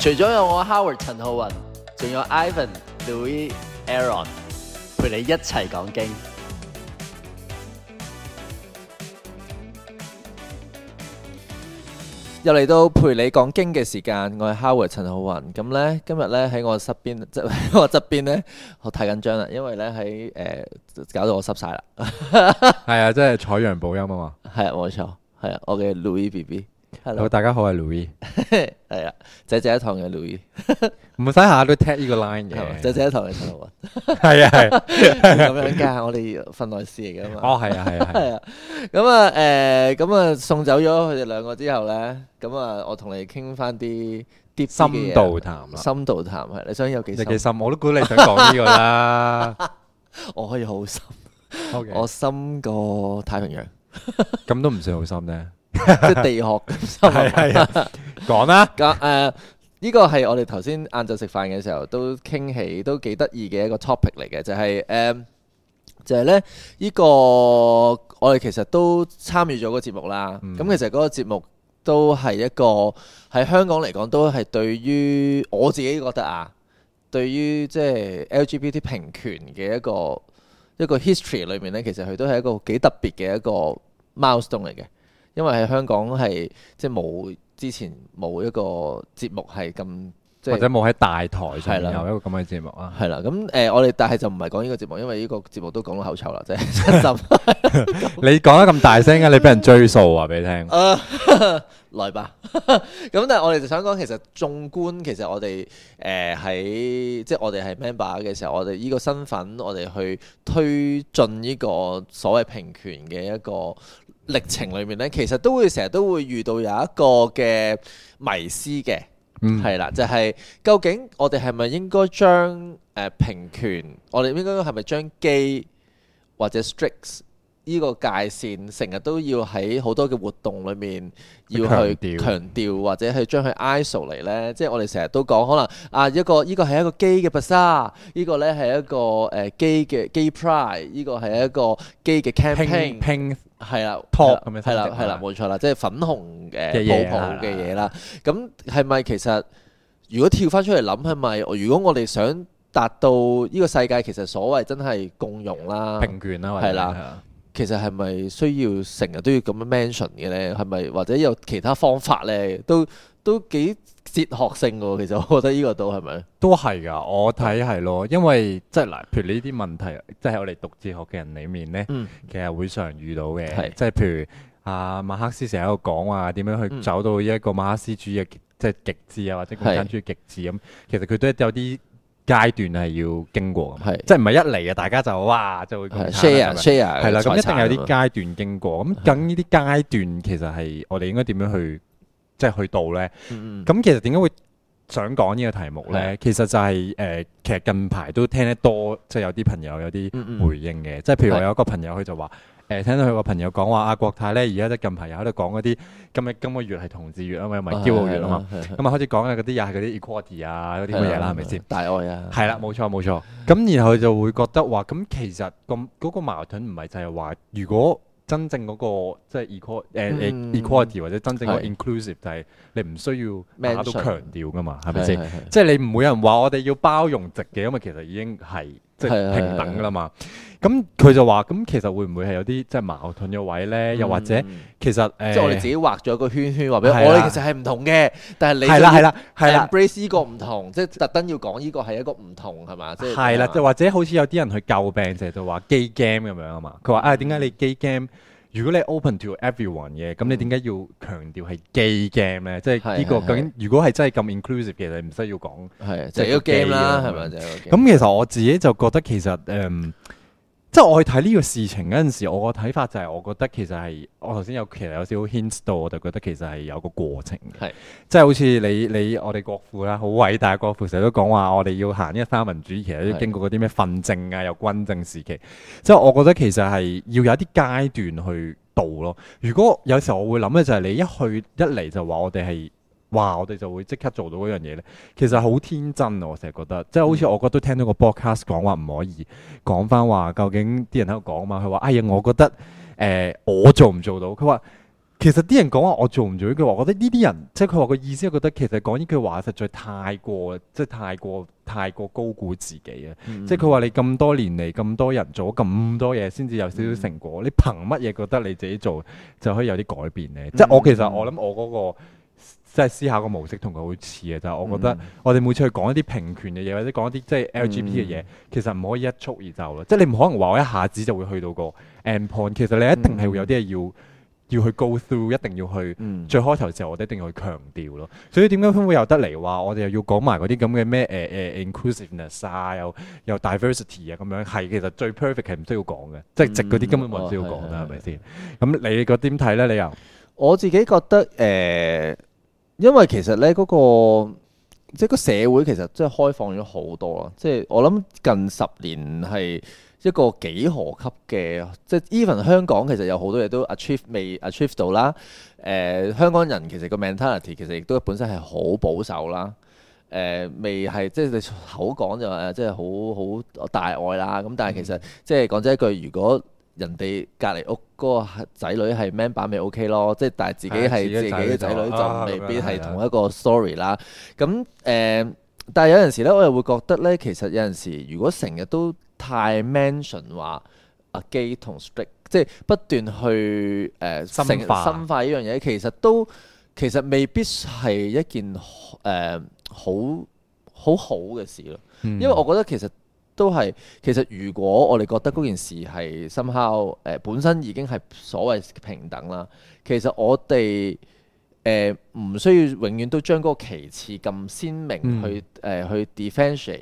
除咗有我 Howard 陳浩雲，仲有 Ivan、Louis、Aaron 陪你一齊講經，又嚟到陪你講經嘅時間，我係 Howard 陳浩雲。咁咧今日咧喺我側邊，即喺我側邊咧，我太緊張啦，因為咧喺誒搞到我濕晒啦。係 啊，即係採陽補陰啊嘛。係 啊，冇錯，係啊，我嘅 Louis BB。Hello，大家好，我係 Louis。係啊，仔仔一堂嘅 Louis，唔使下下都 tag 呢個 line 嘅。仔仔一堂嘅，係啊係，咁樣噶，我哋份內事嚟噶嘛。哦，係啊係啊係啊。咁啊，誒，咁啊，送走咗佢哋兩個之後咧，咁啊，我同你傾翻啲啲深度談啦。深度談係，你想有幾深？幾深？我都估你想講呢個啦。我可以好深，我深過太平洋。咁都唔算好深咧。 即係地學，咁係講啦。呢個係我哋頭先晏晝食飯嘅時候都傾起，都幾得意嘅一個 topic 嚟嘅，就係、是、誒、呃，就係、是、咧呢、這個我哋其實都參與咗個節目啦。咁、嗯、其實嗰個節目都係一個喺香港嚟講，都係對於我自己覺得啊，對於即係 LGBT 平權嘅一個一個 history 裏面呢，其實佢都係一個幾特別嘅一個 milestone 嚟嘅。因為喺香港係即係冇之前冇一個節目係咁，即係、或者冇喺大台上有一個咁嘅的節目啦。係啦，咁誒，我哋但係就唔係講呢個節目，因為呢個節目都講到口臭啦，真係真心 你講得咁大聲啊！ 你俾人追數啊！話俾你聽，來吧。咁但係我哋就想講，其實縱觀其實我哋誒喺即係我哋係 member 嘅、er、時候，我哋依個身份，我哋去推進呢個所謂平權嘅一個歷程裏面咧，其實都會成日都會遇到有一個嘅迷思嘅，係啦、嗯，就係、是、究竟我哋係咪應該將誒、呃、平權，我哋應該係咪將基或者 straight？呢個界線成日都要喺好多嘅活動裏面要去強調，或者係將佢 isol 嚟呢。即係我哋成日都講，可能啊一個呢個係一個 gay 嘅 bazaar，呢個呢係一個誒 gay 嘅 gay pride，呢個係一個 gay 嘅 campaign，拼拼係啦，pop 咁樣係啦，係啦，冇錯啦，即係粉紅嘅嘢嘅嘢啦。咁係咪其實如果跳返出嚟諗係咪？如果我哋想達到呢個世界，其實所謂真係共融啦、平權啦，係啦。其實係咪需要成日都要咁樣 mention 嘅咧？係咪或者有其他方法咧？都都幾哲學性嘅。其實我覺得呢個係係都係咪都係噶，我睇係咯。因為即係嗱，譬如呢啲問題，即係我哋讀哲學嘅人裡面咧，嗯、其實會常遇到嘅。嗯、即係譬如阿、啊、馬克思成日喺度講話點樣去走到一個馬克思主義嘅即係極致啊，或者共產主義極致咁。嗯、是其實佢都有啲。階段係要經過嘅，的即係唔係一嚟啊！大家就哇就會 share share 係啦，咁一定有啲階段經過。咁咁呢啲階段其實係我哋應該點樣去即係去到呢？咁其實點解會想講呢個題目呢？的其實就係、是、誒、呃，其實近排都聽得多，即、就、係、是、有啲朋友有啲回應嘅，嗯嗯即係譬如我有一個朋友佢就話。誒，聽到佢個朋友講話阿國泰咧，而家即近排又喺度講嗰啲，今日今個月係同志月啊嘛，唔係驕傲月啊嘛，咁啊開始講嘅嗰啲又係嗰啲 equality 啊嗰啲乜嘢啦，係咪先？大愛啊！係啦，冇錯冇錯。咁然後就會覺得話，咁其實嗰個矛盾唔係就係話，如果真正嗰個即係 equality，equality 或者真正個 inclusive 就係你唔需要咩都強調㗎嘛，係咪先？即係你唔會有人話我哋要包容直嘅，因為其實已經係。即係平等㗎啦嘛，咁佢就話：咁、嗯、其實會唔會係有啲即係矛盾嘅位咧？又或者其實誒，嗯嗯、即係我哋自己畫咗個圈圈，或者我哋的其實係唔同嘅，但係你係啦係啦係啦，embrace 呢個唔同，即係特登要講呢個係一個唔同係嘛？即係係啦，即或者好似有啲人去救病者都話 gay game 咁樣啊嘛，佢話啊點解你 gay game？如果你 open to everyone 嘅，咁、嗯、你點解要強調係 gay game 咧？的即係呢個究竟，如果係真係咁 inclusive 嘅的，你唔使要講，就的即係個 game 啦，係咪就即係個 game。咁其實我自己就覺得其實誒。的即係我去睇呢個事情嗰陣時，我個睇法就係我覺得其實係我頭先有其實有少少 hint 到，我就覺得其實係有個過程嘅。是即係好似你你我哋國父啦，好偉大國父，成日都講話我哋要行呢個三民主義，其實都經過嗰啲咩訓政啊，又軍政時期。是即係我覺得其實係要有啲階段去到咯。如果有時候我會諗嘅就係你一去一嚟就話我哋係。哇！我哋就會即刻做到嗰樣嘢呢？其實好天真啊！我成日覺得，即係好似我覺得聽到個 broadcast 講話唔可以講翻話，究竟啲人喺度講嘛？佢話：哎呀，我覺得誒我做唔做到？佢話其實啲人講話我做唔做到？佢話：我覺得呢啲人即係佢話個意思係覺得其實講呢句話實在太過即係太過太過高估自己啊！即係佢話你咁多年嚟咁多人做咁多嘢，先至有少少成果，你憑乜嘢覺得你自己做就可以有啲改變呢？即係我其實我諗我嗰個。即係思考個模式同佢好似嘅，就係我覺得我哋每次去講一啲平權嘅嘢，或者講一啲即係 LGBT 嘅嘢，其實唔可以一蹴而就咯。即係你唔可能話我一下子就會去到個 endpoint。其實你一定係會有啲嘢要要去 go through，一定要去。嗯。最開頭嘅時候，我哋一定要去強調咯。所以點解會有得嚟話我哋又要講埋嗰啲咁嘅咩誒誒 inclusiveness 啊，又又 diversity 啊咁樣？係其實最 perfect 係唔需要講嘅，即係直嗰啲根本冇人需要講啦，係咪先？咁你覺得點睇咧？你又我自己覺得誒。因為其實呢嗰、那個即係個社會其實真係開放咗好多啦，即、就、係、是、我諗近十年係一個幾何級嘅，即、就、係、是、even 香港其實有好多嘢都 achieve 未 achieve 到啦。誒、呃，香港人其實個 mentality 其實亦都本身係好保守啦。誒、呃，未係即你口講就話即係好好大愛啦。咁但係其實即係講真一句，如果人哋隔離屋嗰個仔女係 man 版咪 OK 咯，即係但係自己係自己嘅仔女就未必係同一個 story 啦。咁誒，但係有陣時咧，我又會覺得咧，其實有陣時如果成日都太 mention 話啊 gay 同 s p r a i t 即係不斷去誒深化深化依樣嘢，其實都其實未必係一件誒好好好嘅事咯。因為我覺得其實。都係，其實如果我哋覺得嗰件事係深刻，誒本身已經係所謂平等啦。其實我哋誒唔需要永遠都將嗰個旗幟咁鮮明去誒、嗯去，呃、去 defend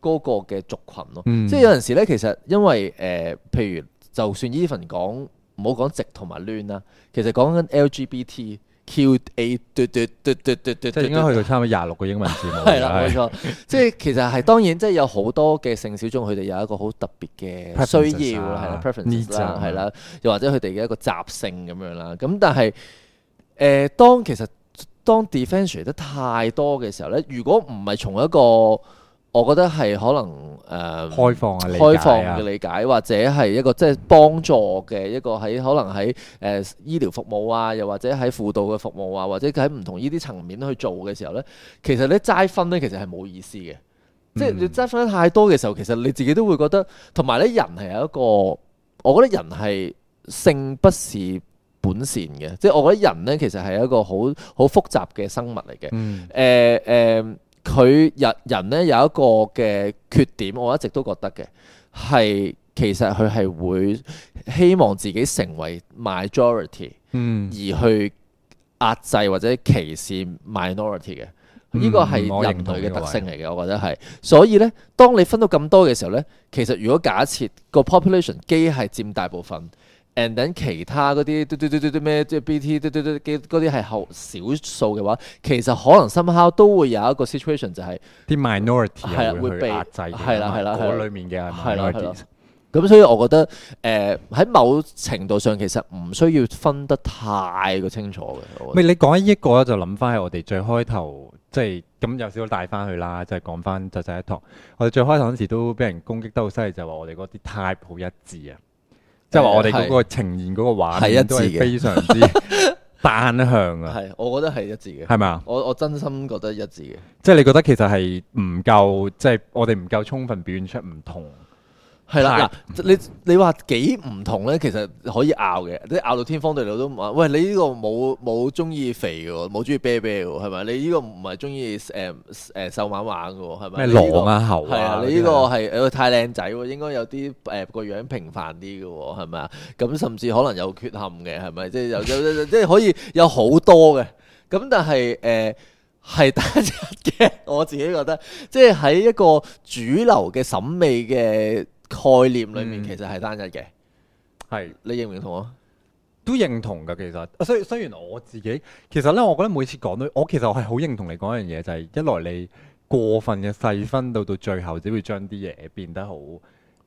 個嘅族群咯。嗯、即係有陣時咧，其實因為誒、呃，譬如就算 Evan 講，唔好講直同埋攣啦，其實講緊 LGBT。Q A，嘟嘟嘟嘟嘟即係應該去到差唔多廿六個英文字母。係 啦，冇錯。即係其實係當然，即係有好多嘅性小眾，佢哋有一個好特別嘅需要啦、啊、啦，係啦，又或者佢哋嘅一個習性咁樣啦。咁但係，誒、呃，當其實當 differentiate 得太多嘅時候咧，如果唔係從一個我覺得係可能誒、呃、開放嘅理解，開放嘅理解或者係一個即係幫助嘅一個喺可能喺誒、呃、醫療服務啊，又或者喺輔導嘅服務啊，或者喺唔同呢啲層面去做嘅時候呢。其實呢，齋分呢其實係冇意思嘅，嗯、即係你齋分得太多嘅時候，其實你自己都會覺得。同埋呢人係有一個，我覺得人係性不是本善嘅，即係我覺得人呢，其實係一個好好複雜嘅生物嚟嘅。嗯。誒、呃呃呃佢人人咧有一個嘅缺點，我一直都覺得嘅係其實佢係會希望自己成為 majority，嗯，而去壓制或者歧視 minority 嘅，呢個係人類嘅特性嚟嘅，嗯、我，我覺得係。所以呢，當你分到咁多嘅時候呢，其實如果假設個 population 基係佔大部分。and 等其他嗰啲咩即係 BT 嘟嘟嘟嗰啲係少數嘅話，其實可能 s 烤都會有一個 situation 就係、是、啲 minority 會被壓制，係啦係啦係裏面嘅 minority。咁所以我覺得誒喺、呃、某程度上其實唔需要分得太個清楚嘅。你講一個就諗翻我哋最開頭，即係咁有少少帶翻去啦，即、就、係、是、講翻就第一堂。我哋最開頭嗰時都俾人攻擊得好犀利，就話、是、我哋嗰啲 type 好一致啊。即係話我哋嗰個呈現嗰個畫面一致都係非常之單向啊！係，我覺得係一致嘅，係咪啊？我我真心覺得一致嘅，即係你覺得其實係唔夠，即係我哋唔夠充分表現出唔同。係啦，嗱，你你話幾唔同咧，其實可以拗嘅，即係拗到天荒地老都唔話！喂，你呢個冇冇中意肥嘅，冇中意啤啤嘅，係咪？你呢個唔係中意誒誒瘦蜢蜢嘅，係咪？咩狼啊猴啊？係啊，你呢個係誒太靚仔，應該有啲誒、呃、個樣平凡啲嘅，係咪啊？咁甚至可能有缺陷嘅，係咪？即、就、係、是、有有即係可以有好多嘅，咁但係誒係單一嘅，我自己覺得，即係喺一個主流嘅審美嘅，概念裏面其實係單一嘅，係、嗯、你認唔認同啊？都認同噶，其實。雖雖然我自己，其實咧，我覺得每次講都，我其實我係好認同你講一樣嘢，就係、是、一來你過分嘅細分到到最後，只會將啲嘢變得好，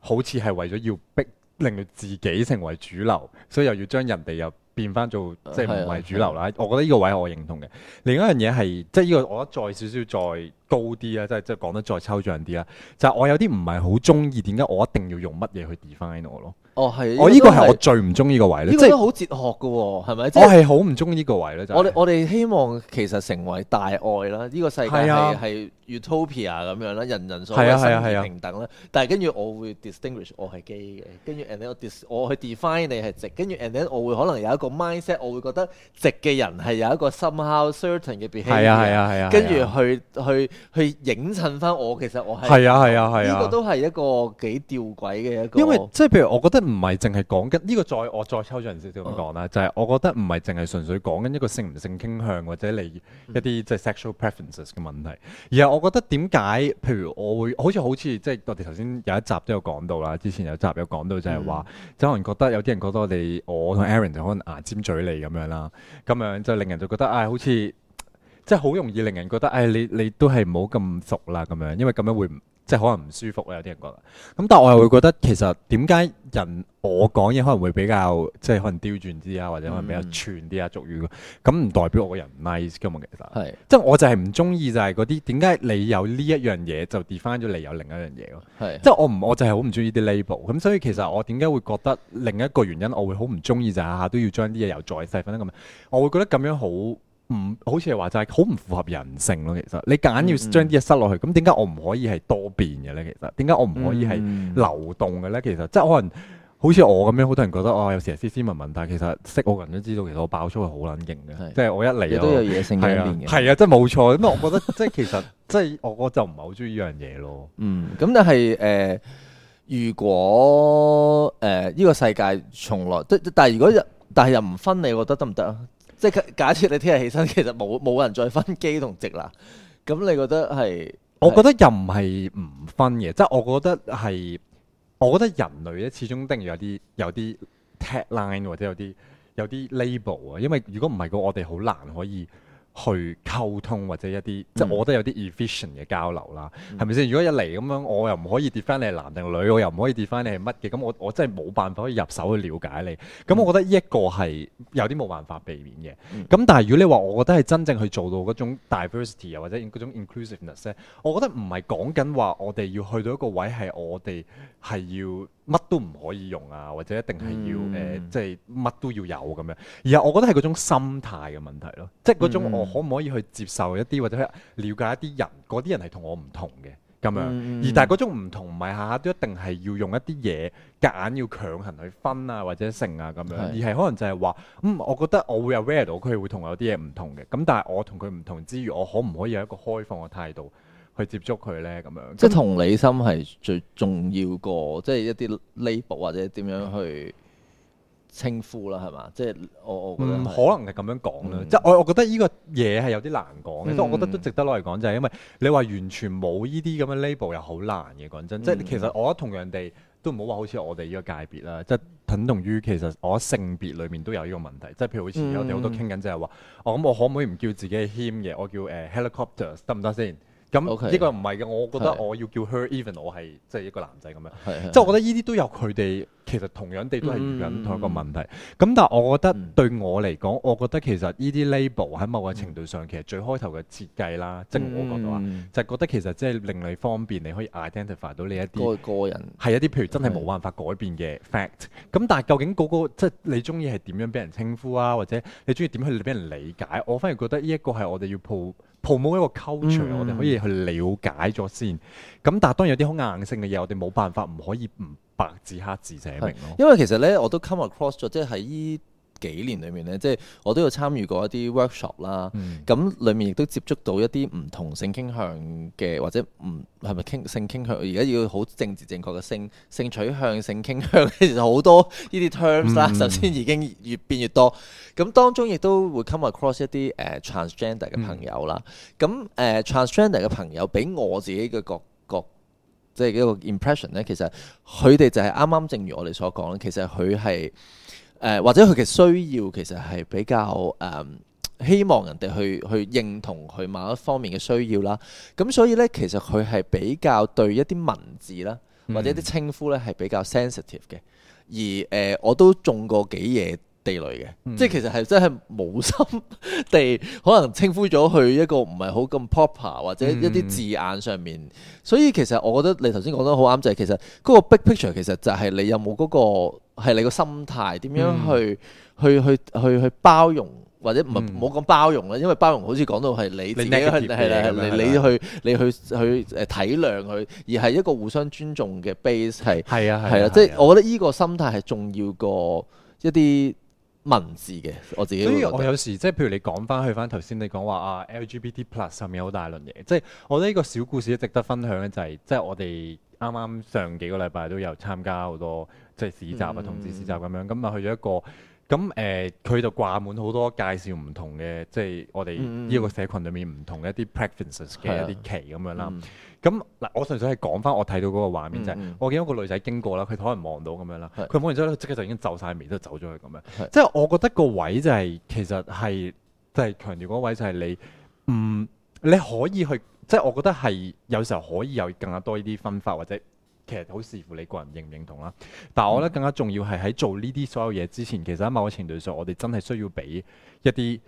好似係為咗要逼令到自己成為主流，所以又要將人哋又，變翻做即係唔係主流啦，的我覺得呢個位我認同嘅。另一樣嘢係即係呢個，我覺得再少少再高啲啊，即係即係講得再抽象啲啊，就係、係、我有啲唔係好中意，點解我一定要用乜嘢去 define 我咯？哦係，我呢個係我最唔中意個位咧，即係好哲學嘅喎，係咪？我係好唔中意依個位咧。我哋我哋希望其實成為大愛啦，呢個世界係係 utopia 咁樣啦，人人所有生平等啦。但係跟住我會 distinguish 我係基嘅，跟住 and 我去 define 你係直，跟住 and then 我會可能有一個 mindset，我會覺得直嘅人係有一個 somehow certain 嘅 behavior 係啊係啊係啊，跟住去去去影襯翻我其實我係係啊係啊係啊，呢個都係一個幾吊詭嘅一個。因為即係譬如我覺得。唔係淨係講緊呢個再，再我再抽象少少咁講啦，oh. 就係我覺得唔係淨係純粹講緊一個性唔性傾向或者你一啲即係 sexual preferences 嘅問題，mm. 而係我覺得點解，譬如我會好似好似即係我哋頭先有一集都有講到啦，之前有一集有講到就係話，可能、mm. 覺得有啲人覺得我哋我同 Aaron 就可能牙尖嘴利咁樣啦，咁樣就令人就覺得唉、哎，好似即係好容易令人覺得唉、哎，你你都係唔好咁熟啦，咁樣，因為咁樣會。即係可能唔舒服啊，有啲人覺得。咁但係我又會覺得其實點解人我講嘢可能會比較即係可能刁鑽啲啊，或者可能比較串啲啊，嗯、俗語㗎。咁唔代表我個人唔 nice 嘅嘛，其實係。即係是我就係唔中意就係嗰啲點解你有呢一樣嘢就 define 咗你有另一樣嘢咯。即係是我唔我就係好唔中意啲 label。咁所以其實我點解會覺得另一個原因，我會好唔中意就係下下都要將啲嘢又再細分咁樣，我會覺得咁樣好。唔，好似係話就係好唔符合人性咯。其實你夾硬要將啲嘢塞落去，咁點解我唔可以係多變嘅咧？其實點解我唔可以係流動嘅咧？其實即係可能好似我咁樣，好多人覺得啊、哦，有時係斯斯文文，但係其實識我人都知道，其實我爆粗係好撚勁嘅，的即係我一嚟，亦都有野性一面嘅係啊，真係冇錯。咁我覺得即係 其實即係我我就唔係好中意呢樣嘢咯。嗯，咁但係誒、呃，如果誒依、呃這個世界從來即但係如果但又但係又唔分你，你覺得得唔得啊？即係假設你聽日起身，其實冇冇人再分基同直啦。咁你覺得係？我覺得又唔係唔分嘅，即係 我覺得係，我覺得人類咧始終定要有啲有啲 tag line 或者有啲有啲 label 啊，因為如果唔係嘅，我哋好難可以。去溝通或者一啲、嗯、即係我覺得有啲 efficient 嘅交流啦，係咪先？如果一嚟咁樣，我又唔可以 define 你係男定女，我又唔可以 define 你係乜嘅，咁我我真係冇辦法可以入手去了解你。咁、嗯、我覺得呢一個係有啲冇辦法避免嘅。咁、嗯、但係如果你話，我覺得係真正去做到嗰種 diversity 啊，或者嗰種 inclusiveness，我覺得唔係講緊話我哋要去到一個位係我哋係要。乜都唔可以用啊，或者一定係要誒，即係乜都要有咁樣。而係我覺得係嗰種心態嘅問題咯，即係嗰種我可唔可以去接受一啲，或者去了解一啲人，嗰啲人係同我唔同嘅咁樣。嗯、而但係嗰種唔同唔係下下都一定係要用一啲嘢夾硬要強行去分啊，或者成啊咁樣。而係可能就係話，咁、嗯、我覺得我會 aware 到佢會同我有啲嘢唔同嘅。咁但係我同佢唔同之餘，我可唔可以有一個開放嘅態度？去接觸佢咧，咁樣即係同理心係最重要個，即係一啲 label 或者點樣去稱呼啦，係嘛？即係我我覺得、嗯、可能係咁樣講啦。嗯、即係我我覺得呢個嘢係有啲難講嘅，即係、嗯、我覺得都值得攞嚟講，就係因為你話完全冇呢啲咁嘅 label 又好難嘅講真。嗯、即係其實我覺得同樣地都唔好話，好似我哋呢個界別啦，即係等同於其實我喺性別裏面都有呢個問題。即係譬如好似我哋好多傾緊就係話，我咁、嗯嗯哦、我可唔可以唔叫自己謙嘅，我叫誒、uh, helicopter 得唔得先？咁呢個唔係嘅，我覺得我要叫 her，even 我係即係一個男仔咁樣。即係的我覺得呢啲都有佢哋，其實同樣地都係遇緊同一個問題。咁、嗯、但係我覺得對我嚟講，嗯、我覺得其實呢啲 label 喺、嗯、某個程度上，其實最開頭嘅設計啦，即係、嗯、我覺得話，就覺得其實即係令你方便，你可以 identify 到呢一啲個人係一啲譬如真係冇辦法改變嘅 fact、嗯。咁但係究竟嗰、嗰個即係、就係、你中意係點樣俾人稱呼啊？或者你中意點去俾人理解？我反而覺得呢一個係我哋要鋪，鋪滿一個溝渠，嗯、我哋可以去了解咗先。咁但係當然有啲好硬性嘅嘢，我哋冇辦法唔可以唔白字黑字寫明咯。因為其實咧，我都 come across 咗，即係喺。幾年裡面咧，即係我都有參與過一啲 workshop 啦、嗯。咁裡面亦都接觸到一啲唔同性傾向嘅，或者唔係咪傾性傾向？而家要好政治正確嘅性性取向、性傾向其實好多呢啲 terms 啦、嗯。首先已經越變越多。咁、嗯、當中亦都會 come across 一啲誒、uh, transgender 嘅朋友啦。咁誒、嗯 uh, transgender 嘅朋友俾我自己嘅各各，各，即係一個 impression 咧，其實佢哋就係啱啱正如我哋所講，其實佢係。誒、呃、或者佢嘅需要其實係比較誒、呃、希望人哋去去認同佢某一方面嘅需要啦，咁所以咧其實佢係比較對一啲文字啦或者啲稱呼咧係比較 sensitive 嘅、嗯，而、呃、誒我都中過幾嘢地雷嘅，嗯、即係其實係真係冇心地可能稱呼咗佢一個唔係好咁 proper 或者一啲字眼上面，嗯、所以其實我覺得你頭先講得好啱，就係、是、其實嗰個 big picture 其實就係你有冇嗰、那個。係你個心態，點樣、嗯、去去去去去包容，或者唔好講包容咧？因為包容好似講到係你自己去，係啦你去你去去誒體諒佢，而係一個互相尊重嘅 base 係，係啊係啊，即係我覺得呢個心態係重要過一啲文字嘅。我自己，所以我有時即係，譬如你講翻去翻頭先，你講話啊 LGBT plus 上面好大輪嘢，即係、就是、我覺得呢個小故事值得分享咧、就是，就係即係我哋啱啱上幾個禮拜都有參加好多。即係市集啊，同志市集咁樣，咁啊、嗯、去咗一個，咁誒佢就掛滿好多介紹唔同嘅，即、就、係、是、我哋呢個社群裡面唔同一啲 preferences 嘅、嗯、一啲旗咁樣啦。咁嗱、嗯，我純粹係講翻我睇到嗰個畫面，嗯、就係我見到個女仔經過啦，佢可能望到咁樣啦，佢望完之後即刻就已經皺晒眉都走咗去咁樣。即係、嗯、我覺得個位就係、是、其實係即係強調嗰位就係你唔、嗯、你可以去，即、就、係、是、我覺得係有時候可以有更加多呢啲分法或者。其實好視乎你個人認唔認同啦，但我覺得更加重要係喺做呢啲所有嘢之前，其實喺某個程度上我，我哋真係需要俾一啲，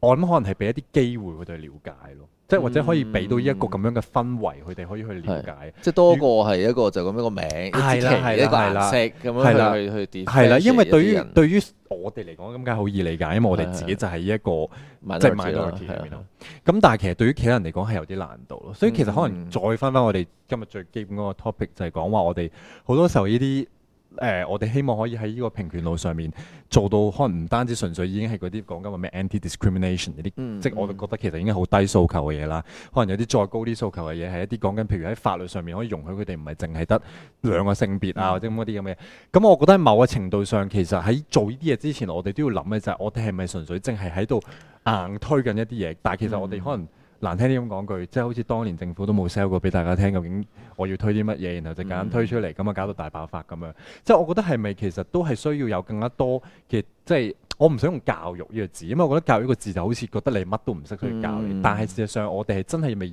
我諗可能係俾一啲機會佢哋去了解咯。即係或者可以俾到一個咁樣嘅氛圍，佢哋可以去了解，即係多過係一個就咁一個名，一隻旗，一個顏色咁樣去去點？係啦，因為對於對於我哋嚟講咁梗係好易理解，因為我哋自己就係呢一個即係買多嘅企業咯。咁但係其實對於其他人嚟講係有啲難度咯。所以其實可能再翻翻我哋今日最基本嗰個 topic 就係講話我哋好多時候呢啲。誒、呃，我哋希望可以喺呢個平權路上面做到，可能唔單止純粹已經係嗰啲講緊話咩 anti discrimination 嗰啲，嗯、即係我哋覺得其實已經好低訴求嘅嘢啦。可能有啲再高啲訴求嘅嘢，係一啲講緊譬如喺法律上面可以容許佢哋唔係淨係得兩個性別啊，或者咁嗰啲咁嘅。咁、嗯嗯、我覺得某個程度上，其實喺做呢啲嘢之前，我哋都要諗嘅就係我哋係咪純粹淨係喺度硬推緊一啲嘢？但係其實我哋可能。難聽啲咁講句，即係好似當年政府都冇 sell 過俾大家聽，究竟我要推啲乜嘢，然後就夾硬推出嚟，咁啊、嗯、搞到大爆發咁樣。即係我覺得係咪其實都係需要有更加多嘅，即係我唔想用教育呢個字，因為我覺得教育呢個字就好似覺得你乜都唔識，去教你。嗯、但係事實上我哋係真係未。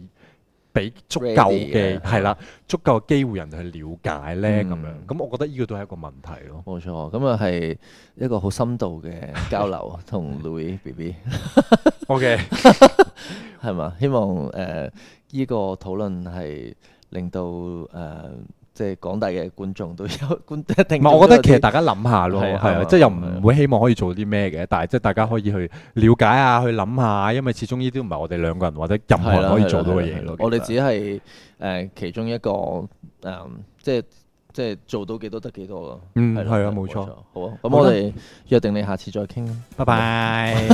俾足夠嘅係啦，足夠嘅機會人去了解咧，咁、嗯、樣咁我覺得呢個都係一個問題咯。冇、嗯、錯，咁啊係一個好深度嘅交流同 Louis BB。 OK，係嘛？ 希望誒依、呃這個討論係令到誒。呃即係廣大嘅觀眾都有觀一定唔係，我覺得其實大家諗下咯，係啊，即係又唔會希望可以做啲咩嘅，但係即係大家可以去了解下，去諗下，因為始終呢啲唔係我哋兩個人或者任何人可以做到嘅嘢咯。我哋只係誒、呃、其中一個誒、呃，即係即係做到幾多得幾多咯。嗯，係啊了，冇了錯。好啊，咁我哋約定你下次再傾，拜拜。